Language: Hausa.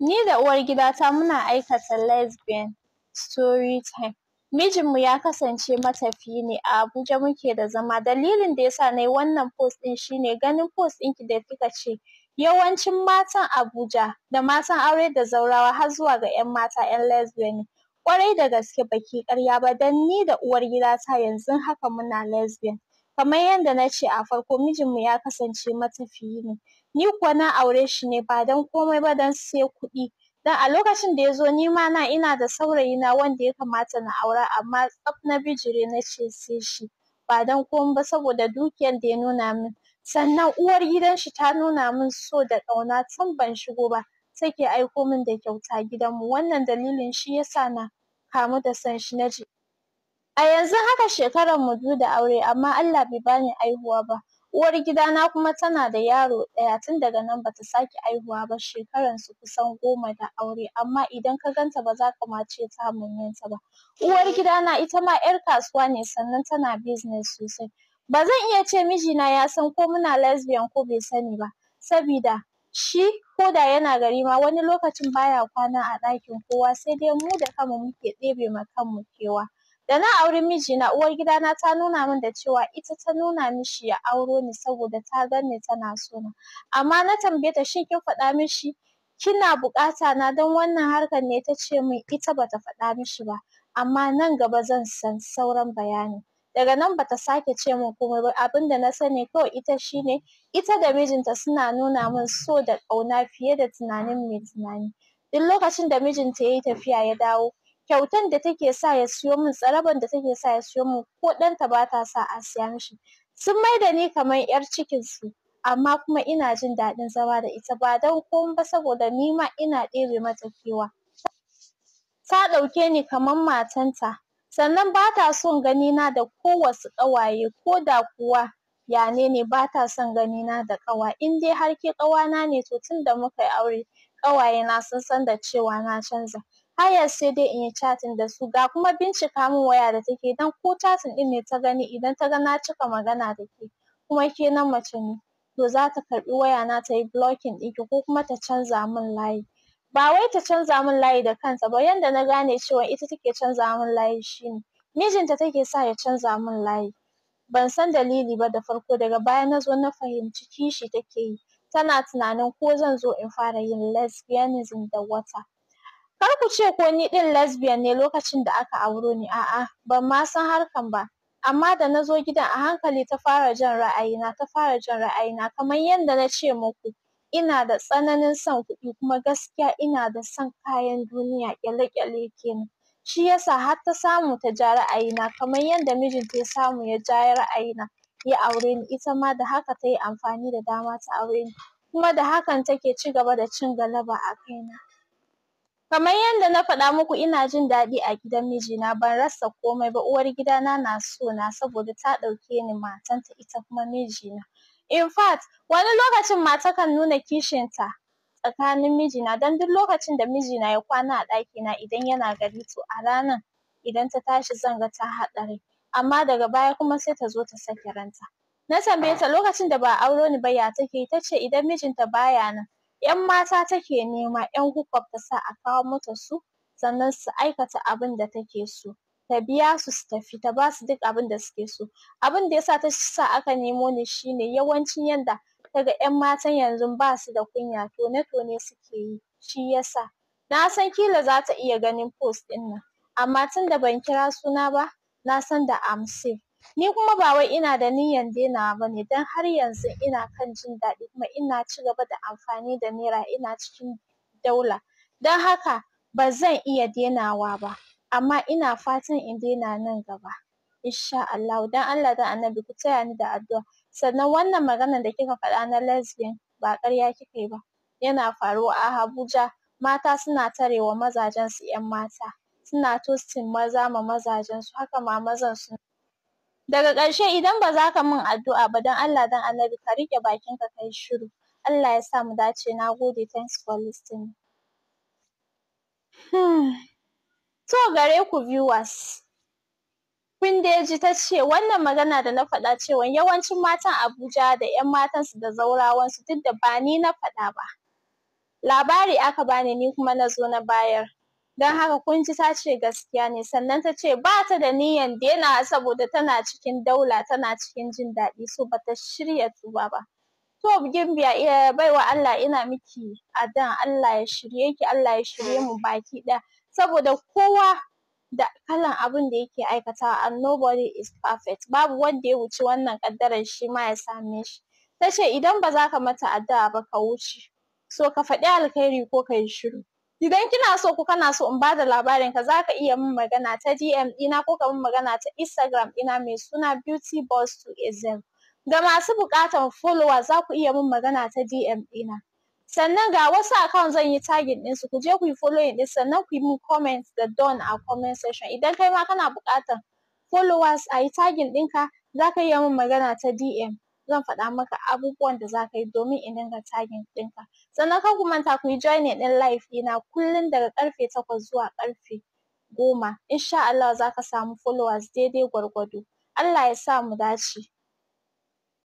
Ni da uwargidata muna aikata lesbian story time. Mijinmu ya kasance matafiyi ne, a Abuja muke da zama. Dalilin da ya sa nayi wannan post ɗin ne ganin post ɗinki da kika ce yawancin matan Abuja da matan aure da zaurawa har zuwa ga 'yan mata 'yan lesbian ne. Ƙwarai da gaske baki ƙarya ba don ni da uwargidata yanzu haka muna lesbian. Kamar yadda na ce a farko mijinmu ya kasance matafiyi ne. ni kuwa na aure shi ne ba don komai ba don sai kuɗi dan a lokacin da ya zo ni ma na ina da saurayi na wanda ya kamata na aura amma tsaf na bijire na ce sai shi ba don komai ba saboda dukiyar da ya nuna min sannan uwar gidan shi ta nuna min so da ƙauna tun ban shigo ba take aiko min da kyauta Gidan mu wannan dalilin shi yasa na kamu da son shi na ji a yanzu haka shekaran mu biyu da aure amma Allah bai bani haihuwa ba Uwar gidana kuma tana da yaro ɗaya, tun daga nan bata sake haihuwa ba, shekaransu kusan goma da aure, amma idan ka ganta ba za ka ma ce ta manyanta ba. Uwar gidana ita ma 'yar kasuwa ne sannan tana business sosai. Ba zan iya ce mijina ya san ko muna lesbian ko bai sani ba, sabida shi ko yana gari ma wani lokacin baya kwana a ɗakin kowa, sai dai mu da kanmu muke ɗebe ma kanmu kewa. Da na auri mijina uwar na ta nuna min da cewa ita ta nuna mishi ya auro ni saboda ta gan tana so na. Amma na tambaye ta shin kin faɗa mishi kina buƙata na don wannan harkar ne ta ce min ita bata faɗa mishi ba. Amma nan gaba zan san sauran bayani. Daga nan bata sake ce min komai ba abinda na sani kawai ita shine ita da mijinta suna nuna min so da ƙauna fiye da tunanin mai tunani. Duk lokacin da mijinta yayi tafiya ya dawo kyautan da take sa ya siyo min tsaraban da take sa ya siyo min ko ɗanta ba ta sa a siya mishi sun maida ni kamar yar cikin su amma kuma ina jin daɗin zama da ita ba don komai ba saboda ni ma ina ɗebe mata kewa ta ɗauke ni kamar matanta sannan ba ta son ganina da kowace ƙawaye ko da kuwa yane ne ba ta son ganina da ƙawa in dai har ke ƙawana ne to tunda muka yi aure ƙawayena sun san da cewa na canza har sai dai in yi chatting da su ga kuma bincika min waya da take dan ko chatting din ne ta gani idan ta ga na cika magana da ke kuma ke nan mace ne to za ta karɓi waya na ta yi blocking ɗinki ko kuma ta canza min layi ba wai ta canza min layi da kanta ba yanda na gane cewa ita take canza min layi shine mijinta take sa ya canza min layi ban san dalili ba da farko daga baya na zo na fahimci kishi take yi tana tunanin ko zan zo in fara yin lesbianism da wata kar ku ce ko ni ɗin lesbian ne lokacin da aka auro ni a'a ban ma san harkan ba amma da na zo gidan a hankali ta fara jan ra'ayina ta fara jan ra'ayina kamar yadda na ce muku ina da tsananin son kuɗi kuma gaskiya ina da son kayan duniya ƙyale-ƙyale kenan shi yasa har ta samu ta ja ra'ayina kamar yadda mijinta ya samu ya ja ra'ayina ya aure ni ita ma da haka ta yi amfani da dama ta aure ni kuma da hakan take ci gaba da cin galaba a kaina Kamar yadda na faɗa muku ina jin daɗi a gidan mijina ban rasa komai ba uwar gidana na so na saboda ta ɗauke ni matanta ita kuma mijina. In fact wani lokacin mata kan nuna kishinta tsakanin mijina don duk lokacin da mijina ya kwana a ɗakina idan yana gari to a ranar idan ta tashi zan ga ta haɗa amma daga baya kuma sai ta zo ta sake ranta. Na tambaye ta lokacin da ba a auro ni ba ya take yi ta ce idan mijinta baya nan ‘yan mata take nema ‘yan hookup ta sa a kawo mata su sannan su aikata abin da take so ta biya su su tafi ta ba su duk abin da suke so abin da yasa ta sa aka nemo ni shine yawancin yanda ga ‘yan matan yanzu ba su da kunya tone-tone suke yi shi yasa na san kila za ta iya ganin post ɗin nan amma tunda ban kira suna ba na san da I'm safe Ni kuma ba wai ina da niyyar dainawa ba ne don har yanzu ina kan jin daɗi kuma ina ci gaba da amfani da Naira ina cikin daula, don haka ba zan iya dainawa ba, amma ina fatan in daina nan gaba, insha Allahu. Don Allah don Annabi ku taya ni da addu'a. Sannan wannan maganan da kika faɗa na lesbian ba ƙarya kika yi ba, yana faruwa a Abuja mata suna tare wa mazajensu 'yan mata, suna toasting maza ma mazajensu, haka ma mazan daga ƙarshe idan ba za ka min addu'a ba don Allah don annabi ka rike bakinka ka yi shiru Allah ya sa mu dace na gode thanks for listening hmm. to gare ku viewers kun dai ji ta ce wannan magana da na faɗa cewa yawancin matan Abuja da 'yan matansu da zaurawansu duk da ba ni na faɗa ba labari aka bani ni kuma na zo na bayar don haka kun ji ta ce gaskiya ne sannan ta ce ba ta da niyyar daina saboda tana cikin daula tana cikin jin daɗi so ba ta shirya tuba ba to gimbiya baiwa Allah ina miki A dan Allah ya shirye ki Allah ya shirye mu baki ɗaya saboda kowa da kalan abin da yake aikatawa and nobody is perfect babu wanda ya wuce wannan ƙaddarar shi ma ya same shi ta ce idan ba za ka mata addu'a ba ka wuce so ka faɗi alkhairi ko ka yi shiru idan kina so ko kana so in bada labarin ka zaka iya min magana ta DM ɗina ko ka min magana ta Instagram ɗina mai suna Beauty Boss 2 Ga masu buƙatar follower za ku iya min magana ta DM ɗina. sannan ga wasu account zan yi tagin ɗinsu ku je ku yi following ɗin sannan ku yi min comment da don a comment section idan kai ma kana buƙatar followers a yi tagin ɗinka za ka iya min magana ta DM zan faɗa maka abubuwan da za ka yi domin in dinga tagin ɗinka. Sannan kar ku manta ku yi joining ɗin live ɗina kullum daga ƙarfe takwas zuwa ƙarfe goma. in sha allahu za ka samu followers daidai gwargwado. Allah ya sa mu dace.